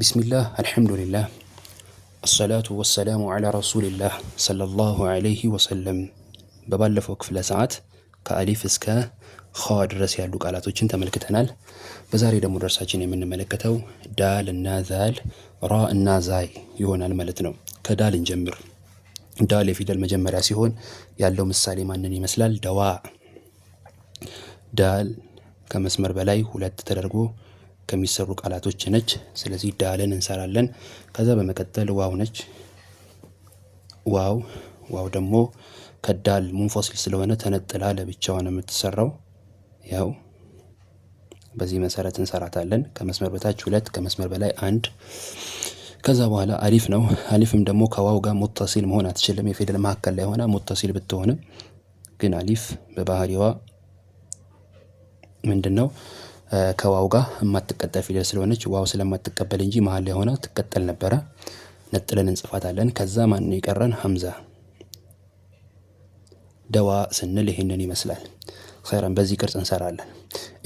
ቢስሚላህ አልሐምዱሊላህ አሰላቱ ወሰላሙ ዓላ ረሱሊላህ ሰለላሁ ዓለይሂ ወሰለም። በባለፈው ክፍለ ሰዓት ከአሊፍ እስከ ኸዋ ድረስ ያሉ ቃላቶችን ተመልክተናል። በዛሬ ደግሞ ደርሳችን የምንመለከተው ዳል እና ዛል፣ ራ እና ዛይ ይሆናል ማለት ነው። ከዳል እንጀምር። ዳል የፊደል መጀመሪያ ሲሆን ያለው ምሳሌ ማንን ይመስላል? ደዋ ዳል ከመስመር በላይ ሁለት ተደርጎ ከሚሰሩ ቃላቶች ነች። ስለዚህ ዳልን እንሰራለን። ከዛ በመቀጠል ዋው ነች። ዋው ዋው ደግሞ ከዳል ሙንፎሲል ስለሆነ ተነጥላ ለብቻዋ ነው የምትሰራው። ያው በዚህ መሰረት እንሰራታለን። ከመስመር በታች ሁለት፣ ከመስመር በላይ አንድ። ከዛ በኋላ አሊፍ ነው። አሊፍም ደግሞ ከዋው ጋር ሙተሲል መሆን አትችልም። የፊደል መካከል ላይ ሆና ሙተሲል ብትሆንም ግን አሊፍ በባህሪዋ ምንድን ነው ከዋው ጋር የማትቀጠል ፊደል ስለሆነች ዋው ስለማትቀበል እንጂ መሃል ላይ ሆና ትቀጠል ነበረ። ነጥለን እንጽፋታለን። ከዛ ማን ነው የቀረን? ሀምዛ ደዋ ስንል ይህንን ይመስላል። ኸይረን በዚህ ቅርጽ እንሰራለን።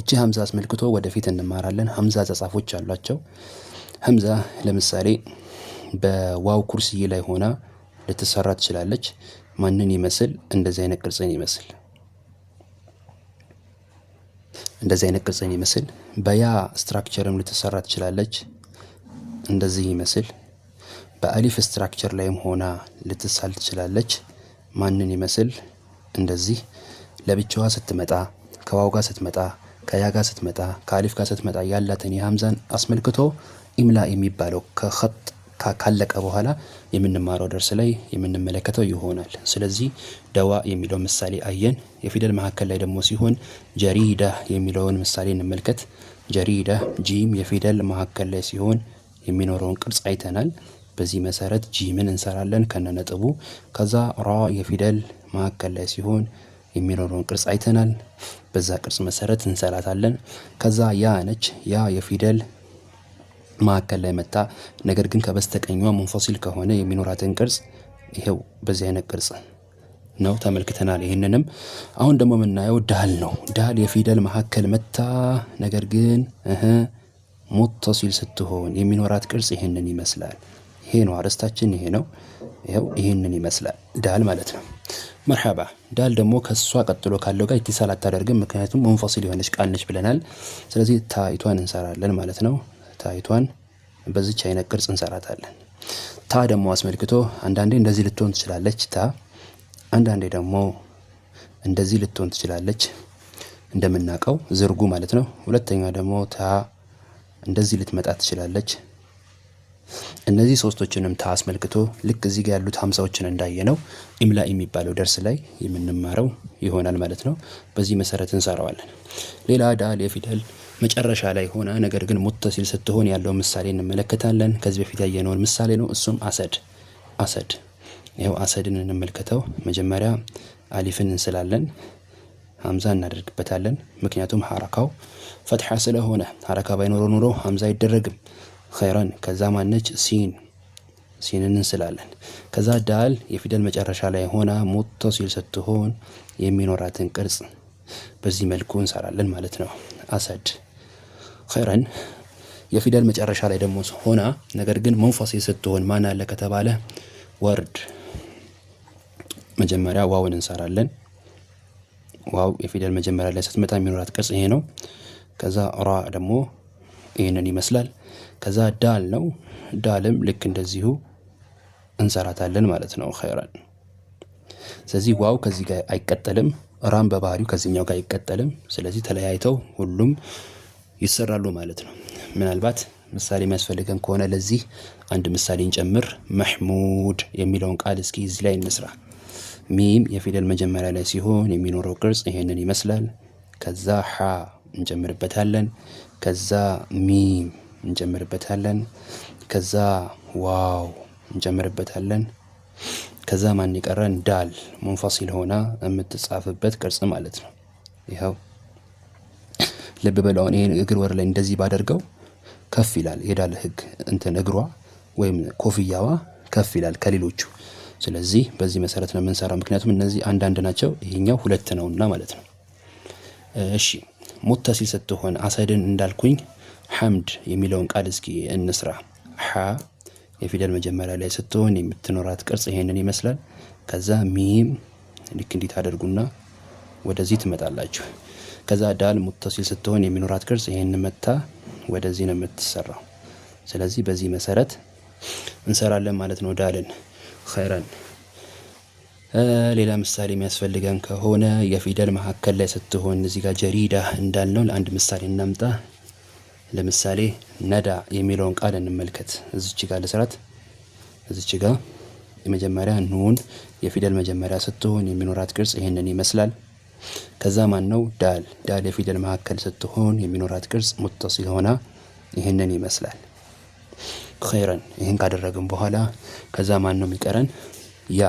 እቺ ሀምዛ አስመልክቶ ወደፊት እንማራለን። ሀምዛ ጸጻፎች አሏቸው። ሀምዛ ለምሳሌ በዋው ኩርስዬ ላይ ሆና ልትሰራ ትችላለች። ማንን ይመስል? እንደዚህ አይነት ቅርጽን ይመስል እንደዚህ አይነት ቅርጽ የሚመስል በያ ስትራክቸርም ልትሰራ ትችላለች። እንደዚህ ይመስል በአሊፍ ስትራክቸር ላይም ሆና ልትሳል ትችላለች። ማንን ይመስል እንደዚህ ለብቻዋ ስትመጣ ከዋው ጋር ስትመጣ ከያ ጋር ስትመጣ ከአሊፍ ጋር ስትመጣ ያላትን የሀምዛን አስመልክቶ ኢምላ የሚባለው ከኸጥ ካለቀ በኋላ የምንማረው ደርስ ላይ የምንመለከተው ይሆናል። ስለዚህ ደዋ የሚለው ምሳሌ አየን። የፊደል መካከል ላይ ደግሞ ሲሆን ጀሪዳ የሚለውን ምሳሌ እንመልከት። ጀሪዳ ጂም የፊደል መካከል ላይ ሲሆን የሚኖረውን ቅርጽ አይተናል። በዚህ መሰረት ጂምን እንሰራለን ከነነጥቡ። ከዛ ራ የፊደል መካከል ላይ ሲሆን የሚኖረውን ቅርጽ አይተናል። በዛ ቅርጽ መሰረት እንሰራታለን። ከዛ ያ ነች ያ የፊደል ማዕከል ላይ መታ። ነገር ግን ከበስተቀኟ መንፎሲል ከሆነ የሚኖራትን ቅርጽ ይሄው በዚህ አይነት ቅርጽ ነው ተመልክተናል። ይህንንም አሁን ደግሞ የምናየው ዳል ነው። ዳል የፊደል መካከል መታ። ነገር ግን ሞተሲል ስትሆን የሚኖራት ቅርጽ ይህንን ይመስላል። ይሄ ነው አርዕስታችን፣ ይሄ ነው ይኸው ይህንን ይመስላል ዳል ማለት ነው። መርሓባ ዳል ደግሞ ከእሷ ቀጥሎ ካለው ጋር ኢትሳል አታደርግም፣ ምክንያቱም መንፈሲል የሆነች ቃል ነች ብለናል። ስለዚህ ታይቷን እንሰራለን ማለት ነው። ታይቷን በዚች አይነት ቅርጽ እንሰራታለን። ታ ደግሞ አስመልክቶ አንዳንዴ እንደዚህ ልትሆን ትችላለች ታ፣ አንዳንዴ ደግሞ እንደዚህ ልትሆን ትችላለች እንደምናውቀው ዝርጉ ማለት ነው። ሁለተኛ ደግሞ ታ እንደዚህ ልትመጣ ትችላለች። እነዚህ ሶስቶችንም ታ አስመልክቶ ልክ እዚህ ጋር ያሉት ሀምሳዎችን እንዳየ ነው ኢምላ የሚባለው ደርስ ላይ የምንማረው ይሆናል ማለት ነው። በዚህ መሰረት እንሰራዋለን። ሌላ ዳል የፊደል መጨረሻ ላይ ሆነ ነገር ግን ሙተሲል ስትሆን ያለው ምሳሌ እንመለከታለን። ከዚህ በፊት ያየነውን ምሳሌ ነው። እሱም አሰድ አሰድ። ይኸው አሰድን እንመልከተው። መጀመሪያ አሊፍን እንስላለን፣ ሀምዛ እናደርግበታለን። ምክንያቱም ሀረካው ፈትሓ ስለሆነ ሀረካ ባይኖረ ኑሮ ሀምዛ አይደረግም። ኸይረን። ከዛ ማነች ሲን ሲንን እንስላለን። ከዛ ዳል የፊደል መጨረሻ ላይ ሆና ሙተሲል ስትሆን የሚኖራትን ቅርጽ በዚህ መልኩ እንሰራለን ማለት ነው። አሰድ ኸይረን የፊደል መጨረሻ ላይ ደግሞ ሆና ነገር ግን መንፈሲል ስትሆን ማን አለ ከተባለ ወርድ መጀመሪያ ዋውን እንሰራለን። ዋው የፊደል መጀመሪያ ላይ ስትመጣ የሚኖራት ቅርጽ ይሄ ነው። ከዛ ራ ደግሞ ይህንን ይመስላል። ከዛ ዳል ነው። ዳልም ልክ እንደዚሁ እንሰራታለን ማለት ነው። ኸይረን ስለዚህ ዋው ከዚህ ጋር አይቀጠልም። ራም በባህሪው ከዚህኛው ጋር አይቀጠልም። ስለዚህ ተለያይተው ሁሉም ይሰራሉ ማለት ነው። ምናልባት ምሳሌ የሚያስፈልገን ከሆነ ለዚህ አንድ ምሳሌ እንጨምር። መሕሙድ የሚለውን ቃል እስኪ እዚህ ላይ እንስራ። ሚም የፊደል መጀመሪያ ላይ ሲሆን የሚኖረው ቅርጽ ይሄንን ይመስላል። ከዛ ሐ እንጨምርበታለን። ከዛ ሚም እንጨምርበታለን። ከዛ ዋው እንጨምርበታለን። ከዛ ማን ይቀረን? ዳል ሙንፋሲል ሆና የምትጻፍበት ቅርጽ ማለት ነው። ይኸው ልብ በለው አሁን ይሄን እግር ወር ላይ እንደዚህ ባደርገው ከፍ ይላል ይሄዳል ህግ እንትን እግሯ ወይም ኮፍያዋ ከፍ ይላል ከሌሎቹ። ስለዚህ በዚህ መሰረት ነው የምንሰራው፣ ምክንያቱም እነዚህ አንዳንድ ናቸው፣ ይሄኛው ሁለት ነውና ማለት ነው። እሺ ሙተሲል ስትሆን አሰድን እንዳልኩኝ ሐምድ የሚለውን ቃል እስኪ እንስራ። ሐ የፊደል መጀመሪያ ላይ ስትሆን የምትኖራት ቅርጽ ይሄንን ይመስላል። ከዛ ሚም ልክ እንዲት አደርጉና ወደዚህ ትመጣላችሁ። ከዛ ዳል ሙተሲል ስትሆን የሚኖራት ቅርጽ ይህን መታ ወደዚህ ነው የምትሰራው። ስለዚህ በዚህ መሰረት እንሰራለን ማለት ነው ዳልን ኸይረን። ሌላ ምሳሌ የሚያስፈልገን ከሆነ የፊደል መካከል ላይ ስትሆን እዚህ ጋር ጀሪዳ እንዳልነው ለአንድ ምሳሌ እናምጣ። ለምሳሌ ነዳ የሚለውን ቃል እንመልከት። እዚች ጋር ለስራት እዚች ጋር የመጀመሪያ ኑን የፊደል መጀመሪያ ስትሆን የሚኖራት ቅርጽ ይህንን ይመስላል። ከዛ ነው ዳል ዳል የፊደል መካከል ስትሆን የሚኖራት ቅርጽ ሙተሲል ሆና ይህንን ይመስላል። ኸይረን ይህን ካደረግን በኋላ ከዛ ማን ነው የሚቀረን? ያ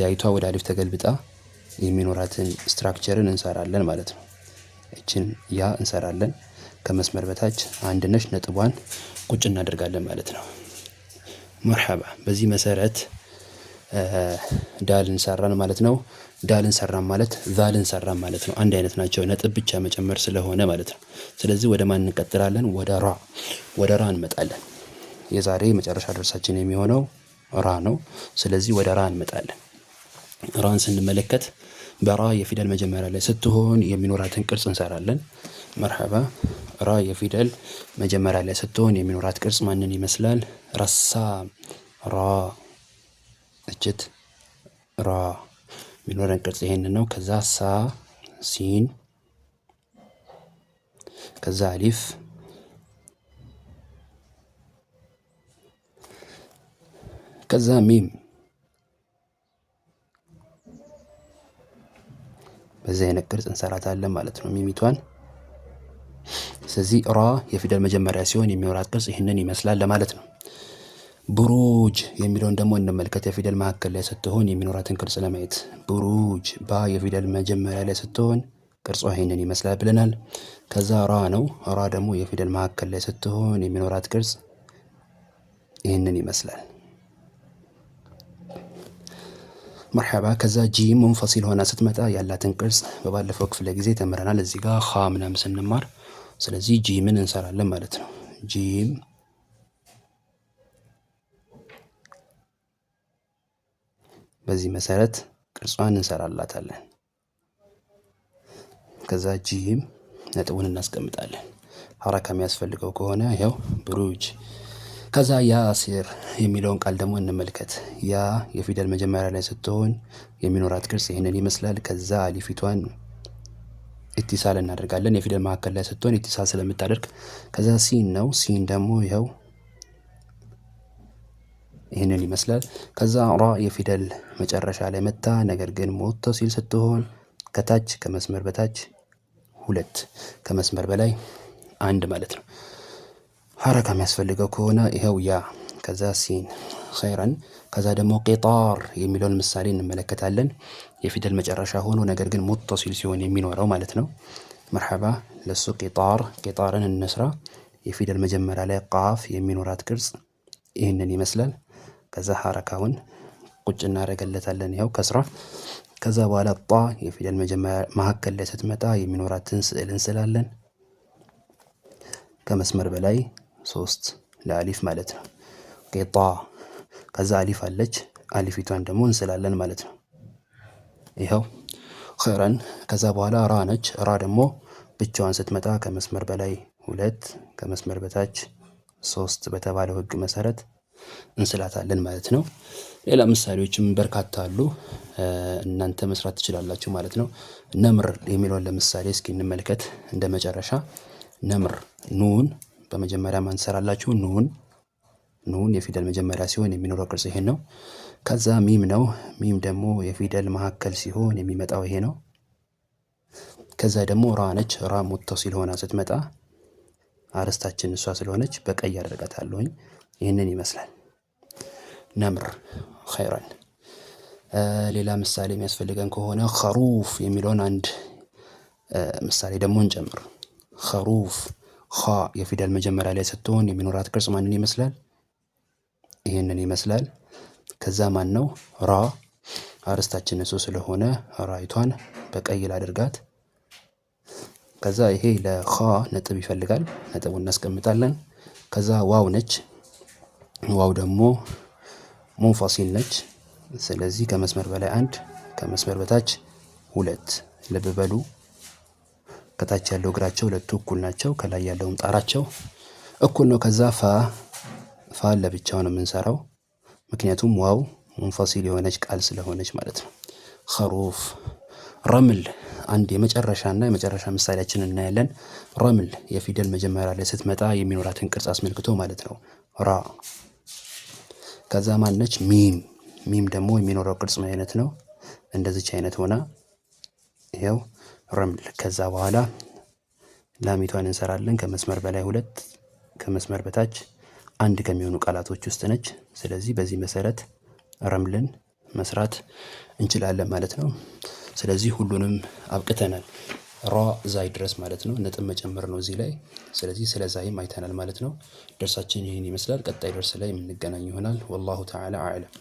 የአይቷ ወደ አሊፍ ተገልብጣ የሚኖራትን ስትራክቸርን እንሰራለን ማለት ነው። እችን ያ እንሰራለን። ከመስመር በታች ነሽ ነጥቧን ቁጭ እናደርጋለን ማለት ነው። መርሐባ በዚህ መሰረት ዳልን ሰራን ማለት ነው። ዳልን ሰራን ማለት ዛልን ሰራን ማለት ነው። አንድ አይነት ናቸው፣ ነጥብ ብቻ መጨመር ስለሆነ ማለት ነው። ስለዚህ ወደ ማን እንቀጥላለን? ወደ ራ ወደ ራ እንመጣለን። የዛሬ መጨረሻ ደርሳችን የሚሆነው ራ ነው። ስለዚህ ወደ ራ እንመጣለን። ራን ስንመለከት በራ የፊደል መጀመሪያ ላይ ስትሆን የሚኖራትን ቅርጽ እንሰራለን። መርሐባ ራ የፊደል መጀመሪያ ላይ ስትሆን የሚኖራት ቅርጽ ማንን ይመስላል? ረሳም ራ እጅት ራ የሚኖረን ቅርጽ ይሄንን ነው። ከዛ ሳ ሲን ከዛ አሊፍ ከዛ ሚም በዚህ አይነት ቅርጽ እንሰራታለን ማለት ነው ሚሚቷን። ስለዚህ ራ የፊደል መጀመሪያ ሲሆን የሚኖራት ቅርጽ ይህንን ይመስላል ለማለት ነው። ብሩጅ የሚለውን ደግሞ እንመልከት። የፊደል መካከል ላይ ስትሆን የሚኖራትን ቅርጽ ለማየት ብሩጅ ባ የፊደል መጀመሪያ ላይ ስትሆን ቅርጿ ይህንን ይመስላል ብለናል። ከዛ ራ ነው። ራ ደግሞ የፊደል መካከል ላይ ስትሆን የሚኖራት ቅርጽ ይህንን ይመስላል። መርሐባ። ከዛ ጂም ሙንፈሲል ሆና ስትመጣ ያላትን ቅርጽ በባለፈው ክፍለ ጊዜ ተምረናል። እዚህ ጋር ምናምን ስንማር፣ ስለዚህ ጂምን እንሰራለን ማለት ነው። ጂም በዚህ መሰረት ቅርጿን እንሰራላታለን። ከዛ ጂም ነጥቡን እናስቀምጣለን። ሐረካ የሚያስፈልገው ከሆነ ያው ብሩጅ። ከዛ ያሲር የሚለውን ቃል ደግሞ እንመልከት። ያ የፊደል መጀመሪያ ላይ ስትሆን የሚኖራት ቅርጽ ይህንን ይመስላል። ከዛ አሊፊቷን ኢትሳል እናደርጋለን። የፊደል መካከል ላይ ስትሆን ኢትሳል ስለምታደርግ ከዛ ሲን ነው። ሲን ደግሞ ይኸው ይህንን ይመስላል። ከዛ ሯ የፊደል መጨረሻ ላይ መታ፣ ነገር ግን ሞቶ ሲል ስትሆን ከታች ከመስመር በታች ሁለት ከመስመር በላይ አንድ ማለት ነው። ሐረካ የሚያስፈልገው ከሆነ ይኸው ያ ከዛ ሲን ኸይረን ከዛ ደግሞ ቄጣር የሚለውን ምሳሌ እንመለከታለን። የፊደል መጨረሻ ሆኖ ነገር ግን ሙተሲል ሲሆን የሚኖረው ማለት ነው። መርሐባ ለሱ ቄጣር ቄጣርን እንስራ። የፊደል መጀመሪያ ላይ ቃፍ የሚኖራት ቅርጽ ይህንን ይመስላል። ከዛ ሐረካውን ቁጭ እናደርግለታለን ያው ከስራ ከዛ በኋላ ጧ የፊደል መጀመሪያ መሀከል ላይ ስትመጣ የሚኖራትን ስዕል እንስላለን። ከመስመር በላይ ሶስት ለአሊፍ ማለት ነው። ጧ ከዛ አሊፍ አለች አሊፊቷን ደግሞ እንስላለን ማለት ነው። ይኸው ረን ከዛ በኋላ ራ ነች ራ ደግሞ ብቻዋን ስትመጣ ከመስመር በላይ ሁለት ከመስመር በታች ሶስት በተባለው ህግ መሰረት እንስላታለን ማለት ነው። ሌላ ምሳሌዎችም በርካታ አሉ። እናንተ መስራት ትችላላችሁ ማለት ነው። ነምር የሚለውን ለምሳሌ እስኪ እንመልከት እንደመጨረሻ ነምር ኑን በመጀመሪያ ማንሰራላችሁ ኑን ኑን የፊደል መጀመሪያ ሲሆን የሚኖረው ቅርጽ ይሄን ነው። ከዛ ሚም ነው ሚም ደግሞ የፊደል መካከል ሲሆን የሚመጣው ይሄ ነው። ከዛ ደግሞ ራ ነች ራ ሙተሲል ሆና ስትመጣ አርስታችን እሷ ስለሆነች በቀይ አደርጋታለሁኝ ይህንን ይመስላል። ነምር ኸይረን። ሌላ ምሳሌ የሚያስፈልገን ከሆነ ኸሩፍ የሚለውን አንድ ምሳሌ ደግሞ እንጨምር። ኸሩፍ ኸ የፊደል መጀመሪያ ላይ ስትሆን የሚኖራት ቅርጽ ማንን ይመስላል? ይህንን ይመስላል። ከዛ ማን ነው ራ አርስታችን እሱ ስለሆነ ራይቷን በቀይ ላድርጋት። ከዛ ይሄ ለኸ ነጥብ ይፈልጋል። ነጥቡን እናስቀምጣለን። ከዛ ዋው ነች ዋው ደግሞ ሙንፋሲል ነች። ስለዚህ ከመስመር በላይ አንድ ከመስመር በታች ሁለት። ልብ በሉ ከታች ያለው እግራቸው ሁለቱ እኩል ናቸው። ከላይ ያለውም ጣራቸው እኩል ነው። ከዛ ፋ ፋ ለብቻው ነው የምንሰራው፣ ምክንያቱም ዋው ሙንፋሲል የሆነች ቃል ስለሆነች ማለት ነው። ኸሩፍ ረምል አንድ የመጨረሻና የመጨረሻ ምሳሌያችን እናያለን። ረምል የፊደል መጀመሪያ ላይ ስትመጣ የሚኖራትን ቅርጽ አስመልክቶ ማለት ነው ራ ከዛ ማለች ሚም ሚም ደግሞ የሚኖረው ቅርጽ ምን አይነት ነው? እንደዚች አይነት ሆና ይኸው ረምል። ከዛ በኋላ ላሚቷን እንሰራለን። ከመስመር በላይ ሁለት ከመስመር በታች አንድ ከሚሆኑ ቃላቶች ውስጥ ነች። ስለዚህ በዚህ መሰረት ረምልን መስራት እንችላለን ማለት ነው። ስለዚህ ሁሉንም አብቅተናል። ሮ ዛይ ድረስ ማለት ነው። ነጥብ መጨመር ነው እዚህ ላይ። ስለዚህ ስለ ዛይም አይተናል ማለት ነው። ደርሳችን ይህን ይመስላል። ቀጣይ ደርስ ላይ የምንገናኝ ይሆናል። ወላሁ ተዓላ አዕለም።